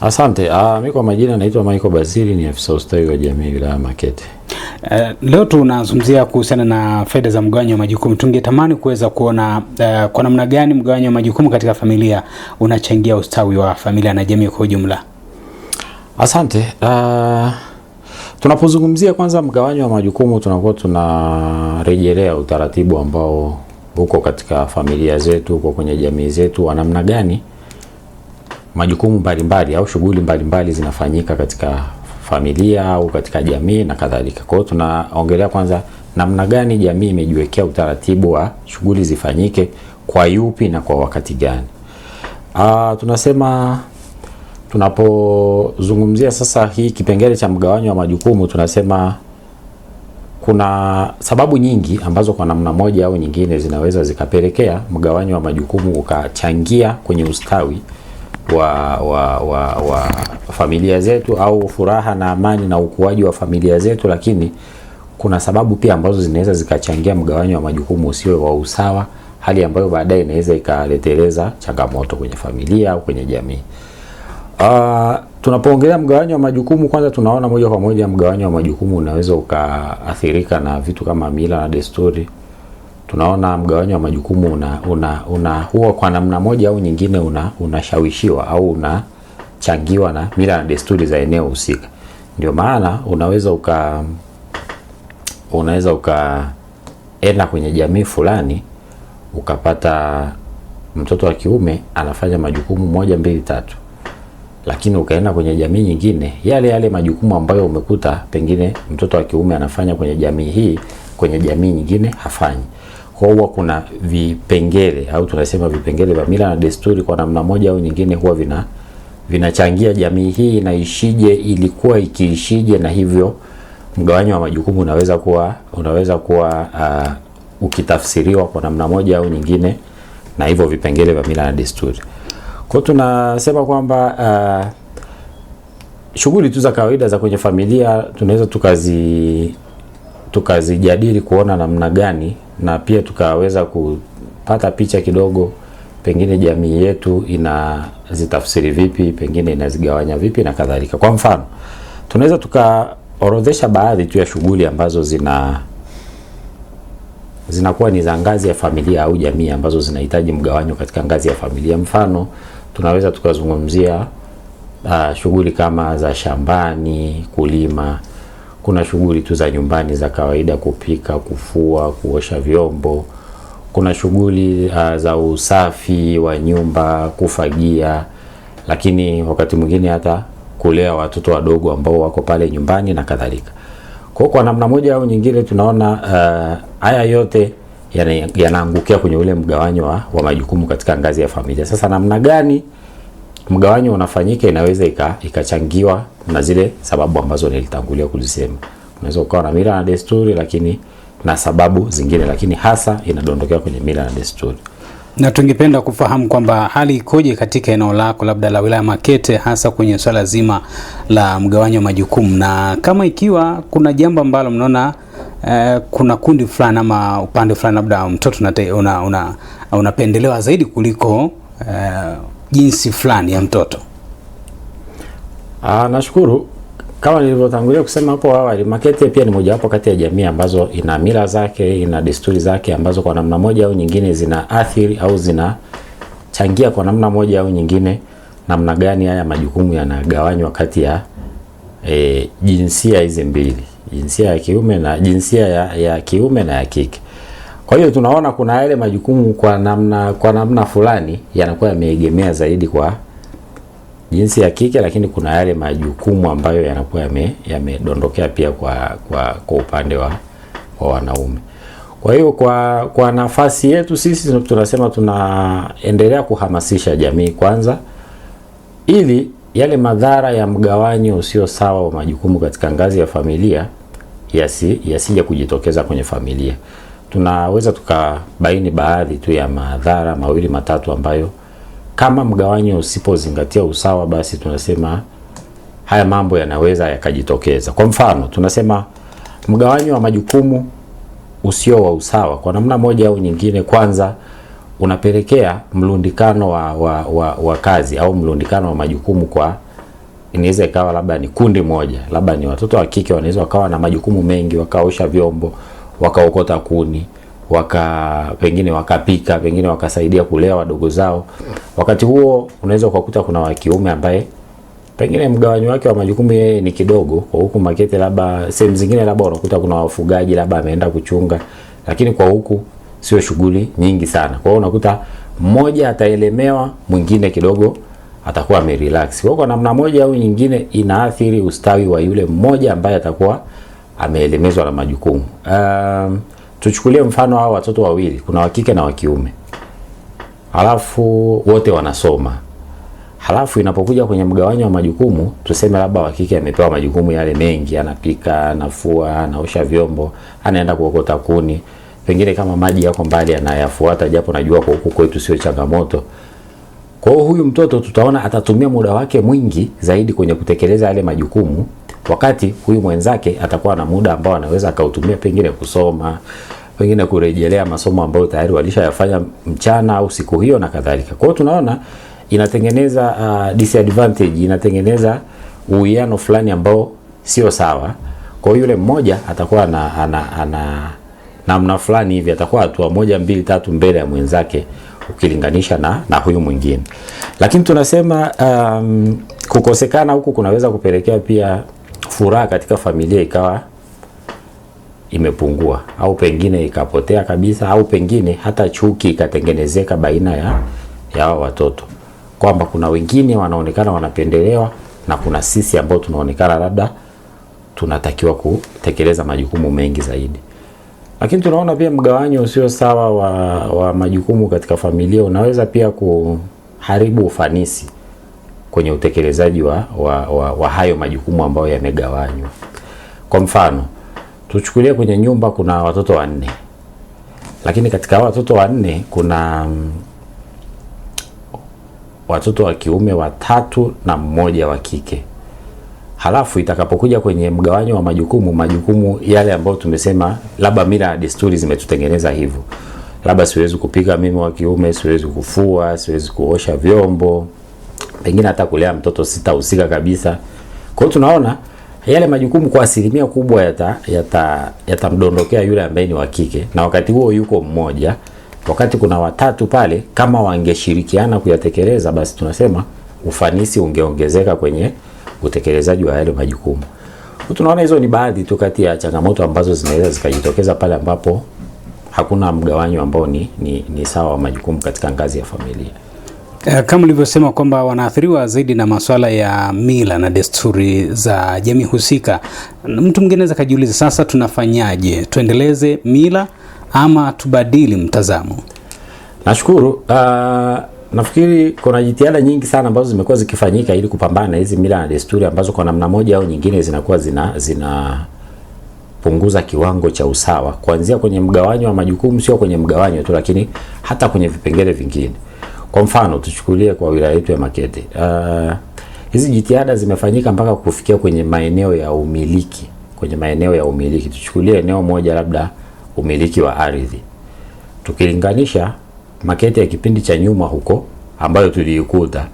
Asante. Ah, mimi kwa majina naitwa Michael Basili, ni afisa ustawi wa jamii wilaya Makete. Uh, leo tunazungumzia kuhusiana na faida za mgawanyo wa majukumu. Tungetamani kuweza kuona uh, kwa namna gani mgawanyo wa majukumu katika familia unachangia ustawi wa familia na jamii kwa ujumla. Asante. Uh, tunapozungumzia kwanza mgawanyo wa majukumu tunakuwa tunarejelea utaratibu ambao uko katika familia zetu, uko kwenye jamii zetu wa namna gani majukumu mbalimbali au shughuli mbalimbali zinafanyika katika familia au katika jamii na kadhalika. Kwa hiyo tunaongelea kwanza namna gani jamii imejiwekea utaratibu wa shughuli zifanyike kwa yupi na kwa wakati gani. Aa, ah, tunasema tunapozungumzia sasa hii kipengele cha mgawanyo wa majukumu, tunasema kuna sababu nyingi ambazo kwa namna moja au nyingine zinaweza zikapelekea mgawanyo wa majukumu ukachangia kwenye ustawi wa, wa, wa, wa familia zetu au furaha na amani na ukuaji wa familia zetu, lakini kuna sababu pia ambazo zinaweza zikachangia mgawanyo wa majukumu usiwe wa usawa, hali ambayo baadaye inaweza ikaleteleza changamoto kwenye familia au kwenye jamii. Uh, tunapoongelea mgawanyo wa majukumu kwanza, tunaona moja kwa moja mgawanyo wa majukumu unaweza ukaathirika na vitu kama mila na desturi tunaona mgawanyo wa majukumu una, una, una huwa kwa namna moja au nyingine una unashawishiwa au unachangiwa na mila na desturi za eneo husika. Ndio maana unaweza uka unaweza ukaenda kwenye jamii fulani ukapata mtoto wa kiume anafanya majukumu moja mbili tatu, lakini ukaenda kwenye jamii nyingine, yale yale majukumu ambayo umekuta pengine mtoto wa kiume anafanya kwenye jamii hii kwenye jamii nyingine hafanyi. Kwa huwa kuna vipengele au tunasema vipengele vya mila na desturi, kwa namna moja au nyingine huwa vina vinachangia jamii hii inaishije, ilikuwa ikiishije, na hivyo mgawanyo wa majukumu unaweza kuwa unaweza kuwa uh, ukitafsiriwa kwa namna moja au nyingine na hivyo vipengele vya mila na desturi. Kwa tunasema kwamba uh, shughuli tu za kawaida za kwenye familia tunaweza tukazi tukazijadili kuona namna gani, na pia tukaweza kupata picha kidogo, pengine jamii yetu inazitafsiri vipi, pengine inazigawanya vipi na kadhalika. Kwa mfano, tunaweza tukaorodhesha baadhi tu ya shughuli ambazo zina zinakuwa ni za ngazi ya familia au jamii ambazo zinahitaji mgawanyo katika ngazi ya familia. Mfano, tunaweza tukazungumzia uh, shughuli kama za shambani, kulima kuna shughuli tu za nyumbani za kawaida, kupika, kufua, kuosha vyombo. Kuna shughuli uh, za usafi wa nyumba, kufagia, lakini wakati mwingine hata kulea watoto wadogo ambao wako pale nyumbani na kadhalika. Kwa kwa namna moja au nyingine tunaona uh, haya yote yanaangukia yana kwenye ule mgawanyo wa, wa majukumu katika ngazi ya familia. Sasa namna gani mgawanyo unafanyika, inaweza ikachangiwa na zile sababu ambazo nilitangulia kuzisema. Unaweza ukawa na mila na desturi, lakini na sababu zingine, lakini hasa inadondokea kwenye mila na desturi. Na tungependa kufahamu kwamba hali ikoje katika eneo lako labda la wilaya Makete, hasa kwenye swala zima la mgawanyo wa majukumu, na kama ikiwa kuna jambo ambalo mnaona eh, kuna kundi fulani ama upande fulani labda mtoto unapendelewa una, una zaidi kuliko eh, jinsi fulani ya mtoto? Ah, nashukuru kama nilivyotangulia kusema hapo awali, Makete pia ni mojawapo kati ya jamii ambazo ina mila zake, ina desturi zake ambazo kwa namna moja au nyingine zinaathiri au zinachangia kwa namna moja au nyingine namna gani haya majukumu yanagawanywa kati ya e, jinsia hizi mbili, jinsia ya kiume na jinsia ya, ya kiume na ya kike. Kwa hiyo tunaona kuna yale majukumu kwa namna, kwa namna fulani yanakuwa yameegemea zaidi kwa jinsi ya kike, lakini kuna yale majukumu ambayo yanakuwa yamedondokea yame pia kwa, kwa, kwa upande wa, kwa wanaume. Kwa hiyo kwa, kwa nafasi yetu sisi tunasema tunaendelea kuhamasisha jamii kwanza, ili yale madhara ya mgawanyo usio sawa wa majukumu katika ngazi ya familia yasi yasija kujitokeza kwenye familia tunaweza tukabaini baadhi tu ya madhara mawili matatu ambayo kama mgawanyo usipozingatia usawa, basi tunasema haya mambo yanaweza yakajitokeza. Kwa mfano, tunasema mgawanyo wa majukumu usio wa usawa kwa namna moja au nyingine, kwanza unapelekea mlundikano wa, wa, wa, wa kazi au mlundikano wa majukumu kwa inaweza ikawa labda ni kundi moja, labda ni watoto wa kike wanaweza wakawa na majukumu mengi, wakaosha vyombo wakaokota kuni waka pengine wakapika pengine wakasaidia kulea wadogo zao. Wakati huo unaweza ukakuta kuna wa kiume ambaye pengine mgawanyo wake wa majukumu yeye ni kidogo kwa huku Makete, labda sehemu zingine, labda unakuta kuna wafugaji, labda ameenda kuchunga, lakini kwa huku sio shughuli nyingi sana. Kwa hiyo unakuta mmoja ataelemewa, mwingine kidogo atakuwa amerelax. Kwa namna moja au nyingine, inaathiri ustawi wa yule mmoja ambaye atakuwa ameelemezwa na majukumu. Um, tuchukulie mfano hao watoto wawili, kuna wakike na wakiume, halafu wote wanasoma, halafu inapokuja kwenye mgawanyo wa majukumu, tuseme labda wakike amepewa majukumu yale mengi, anapika, anafua, anaosha vyombo, anaenda kuokota kuni, pengine kama maji yako mbali anayafuata, japo najua kwa huku kwetu sio changamoto. Kwa huyu mtoto tutaona atatumia muda wake mwingi zaidi kwenye kutekeleza yale majukumu wakati huyu mwenzake atakuwa na muda ambao anaweza akautumia pengine kusoma, pengine kurejelea masomo ambayo tayari walishayafanya mchana au siku hiyo na kadhalika. Kwa hiyo tunaona inatengeneza uh, disadvantage, inatengeneza uwiano fulani ambao sio sawa. Kwa yule mmoja atakuwa na, ana, ana namna fulani hivi atakuwa hatua moja mbili tatu mbele ya mwenzake ukilinganisha na, na huyu mwingine. Lakini tunasema um, kukosekana huku kunaweza kupelekea pia furaha katika familia ikawa imepungua au pengine ikapotea kabisa, au pengine hata chuki ikatengenezeka baina ya ya watoto kwamba kuna wengine wanaonekana wanapendelewa na kuna sisi ambao tunaonekana labda tunatakiwa kutekeleza majukumu mengi zaidi. Lakini tunaona pia mgawanyo usio sawa wa, wa majukumu katika familia unaweza pia kuharibu ufanisi kwenye utekelezaji wa, wa, wa, wa hayo majukumu ambayo yamegawanywa. Kwa mfano tuchukulie kwenye nyumba kuna watoto wanne, lakini katika watoto wanne kuna mm, watoto wa kiume watatu na mmoja wa kike. Halafu itakapokuja kwenye mgawanyo wa majukumu, majukumu yale ambayo tumesema labda mila na desturi zimetutengeneza hivyo, labda siwezi kupika mimi wa kiume, siwezi kufua, siwezi kuosha vyombo pengine hata kulea mtoto sitahusika kabisa. Kwa hiyo tunaona yale majukumu kwa asilimia kubwa yatamdondokea yata, yata yule ambaye ni wa kike, na wakati huo yuko mmoja, wakati kuna watatu pale. Kama wangeshirikiana kuyatekeleza, basi tunasema ufanisi ungeongezeka kwenye utekelezaji wa yale majukumu. Tunaona hizo ni baadhi tu kati ya changamoto ambazo zinaweza zikajitokeza pale ambapo hakuna mgawanyo ambao ni, ni, ni sawa wa majukumu katika ngazi ya familia. Eh, kama ulivyosema kwamba wanaathiriwa zaidi na masuala ya mila na desturi za jamii husika. Mtu mwingine anaweza kajiuliza, sasa tunafanyaje? Tuendeleze mila ama tubadili mtazamo? Nashukuru. Uh, nafikiri kuna jitihada nyingi sana ambazo zimekuwa zikifanyika ili kupambana hizi mila na desturi ambazo kwa namna moja au nyingine zinakuwa zina zina punguza kiwango cha usawa kuanzia kwenye mgawanyo wa majukumu, sio kwenye mgawanyo tu, lakini hata kwenye vipengele vingine. Kwa mfano tuchukulie kwa wilaya yetu ya Makete, ah, hizi uh, jitihada zimefanyika mpaka kufikia kwenye maeneo ya umiliki. Kwenye maeneo ya umiliki tuchukulie eneo moja labda umiliki wa ardhi, tukilinganisha Makete ya kipindi cha nyuma huko ambayo tuliikuta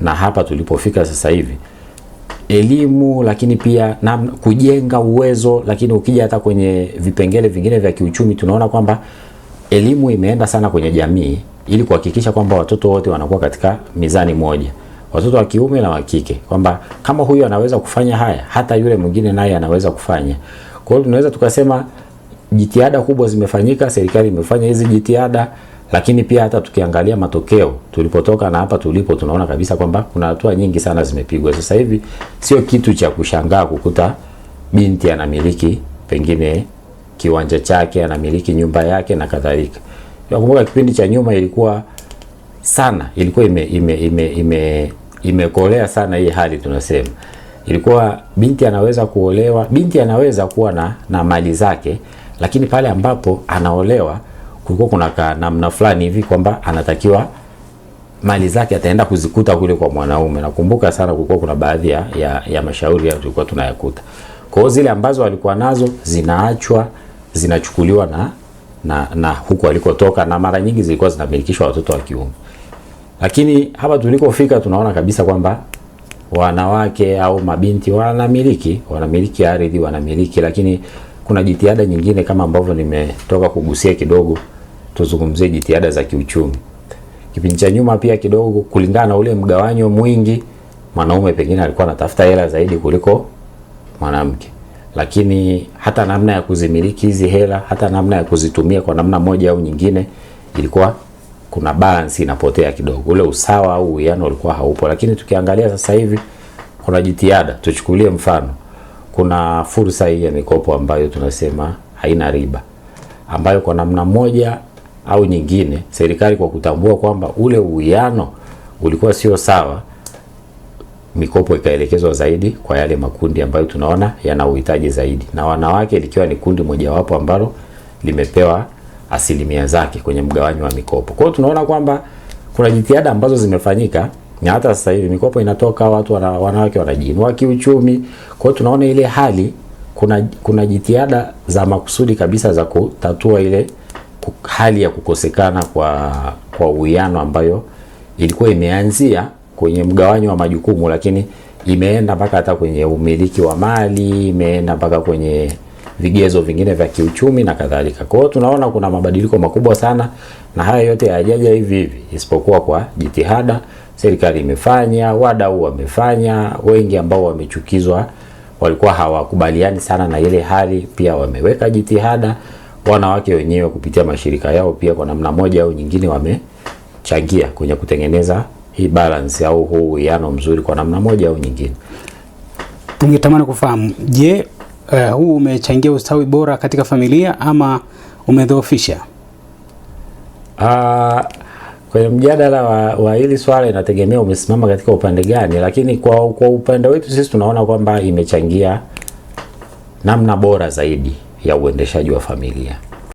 na hapa tulipofika sasa hivi, elimu lakini pia na kujenga uwezo, lakini ukija hata kwenye vipengele vingine vya kiuchumi tunaona kwamba elimu imeenda sana kwenye jamii ili kuhakikisha kwamba watoto wote wanakuwa katika mizani moja, watoto wa kiume na wa kike, kwamba kama huyu anaweza kufanya haya, hata yule mwingine naye anaweza kufanya. Kwa hiyo tunaweza tukasema jitihada kubwa zimefanyika, serikali imefanya hizi jitihada, lakini pia hata tukiangalia matokeo tulipotoka na hapa tulipo, tunaona kabisa kwamba kuna hatua nyingi sana zimepigwa. Sasa hivi sio kitu cha kushangaa kukuta binti anamiliki pengine kiwanja chake, anamiliki nyumba yake na kadhalika. Nakumbuka kipindi cha nyuma ilikuwa sana, ilikuwa ime ime ime ime imekolea sana hii hali tunasema. Ilikuwa binti anaweza kuolewa, binti anaweza kuwa na, na mali zake, lakini pale ambapo anaolewa kulikuwa kuna namna fulani hivi kwamba anatakiwa mali zake ataenda kuzikuta kule kwa mwanaume. Nakumbuka sana kulikuwa kuna baadhi ya, ya, ya mashauri ya tulikuwa tunayakuta. Kwa hiyo zile ambazo alikuwa nazo zinaachwa zinachukuliwa na na, na huko alikotoka, na mara nyingi zilikuwa zinamilikishwa watoto wa kiume, lakini hapa tulikofika tunaona kabisa kwamba wanawake au mabinti wanamiliki wanamiliki ardhi wanamiliki, lakini kuna jitihada nyingine kama ambavyo nimetoka kugusia kidogo. Tuzungumzie jitihada za kiuchumi. Kipindi cha nyuma pia kidogo, kulingana na ule mgawanyo mwingi, mwanaume pengine alikuwa anatafuta hela zaidi kuliko mwanamke lakini hata namna ya kuzimiliki hizi hela, hata namna ya kuzitumia kwa namna moja au nyingine, ilikuwa kuna balance inapotea kidogo, ule usawa au uwiano ulikuwa haupo. Lakini tukiangalia sasa hivi kuna jitihada, tuchukulie mfano, kuna fursa hii ya mikopo ambayo tunasema haina riba, ambayo kwa namna moja au nyingine serikali kwa kutambua kwamba ule uwiano ulikuwa sio sawa mikopo ikaelekezwa zaidi kwa yale makundi ambayo tunaona yana uhitaji zaidi, na wanawake likiwa ni kundi mojawapo ambalo limepewa asilimia zake kwenye mgawanyo wa mikopo. Kwa hiyo tunaona kwamba kuna jitihada ambazo zimefanyika na hata sasa hivi mikopo inatoka, watu wana, wanawake wanajiinua kiuchumi. Kwa hiyo tunaona ile hali kuna, kuna jitihada za makusudi kabisa za kutatua ile hali ya kukosekana kwa kwa uwiano ambayo ilikuwa imeanzia kwenye mgawanyo wa majukumu, lakini imeenda mpaka hata kwenye umiliki wa mali, imeenda mpaka kwenye vigezo vingine vya kiuchumi na kadhalika. Kwa hiyo tunaona kuna mabadiliko makubwa sana, na haya yote hayajaja hivi hivi, isipokuwa kwa jitihada serikali imefanya, wadau wamefanya, wengi ambao wamechukizwa walikuwa hawakubaliani sana na ile hali, pia wameweka jitihada. Wanawake wenyewe kupitia mashirika yao pia kwa namna moja au nyingine wamechangia kwenye kutengeneza hii balance au huu uwiano mzuri kwa namna moja au nyingine. Ningetamani kufahamu, je, uh, huu umechangia ustawi bora katika familia ama umedhoofisha? Uh, kwenye mjadala wa, wa hili swala inategemea umesimama katika upande gani, lakini kwa, kwa upande wetu sisi tunaona kwamba imechangia namna bora zaidi ya uendeshaji wa familia.